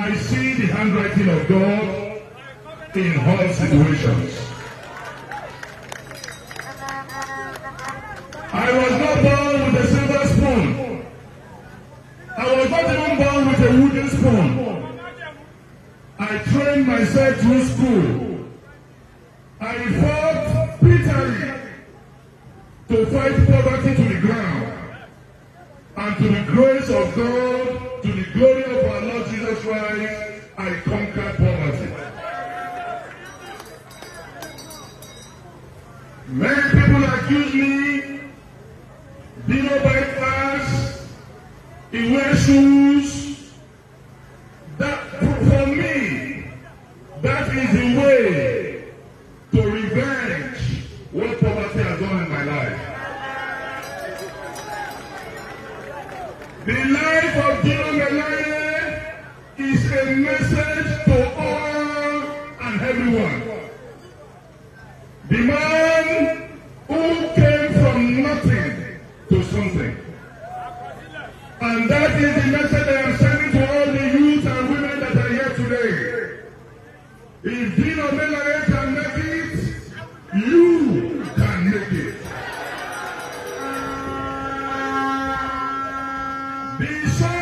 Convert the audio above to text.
I see the handwriting of God in all situations. I was not born with a silver spoon. I was not even born with a wooden spoon. I trained myself through school. I fought bitterly to fight poverty to the ground. And to the grace of God, to the glory of our Lord Jesus Christ, I conquer poverty. Many people accuse me, Be below bypass, he wear shoes. That, for me, that is the way to revenge what The life of John Melanie is a message to all and everyone. The man who came from nothing to something. And that is the message I am sending to all the youth and women that are here today. If Dino Melanie Be safe.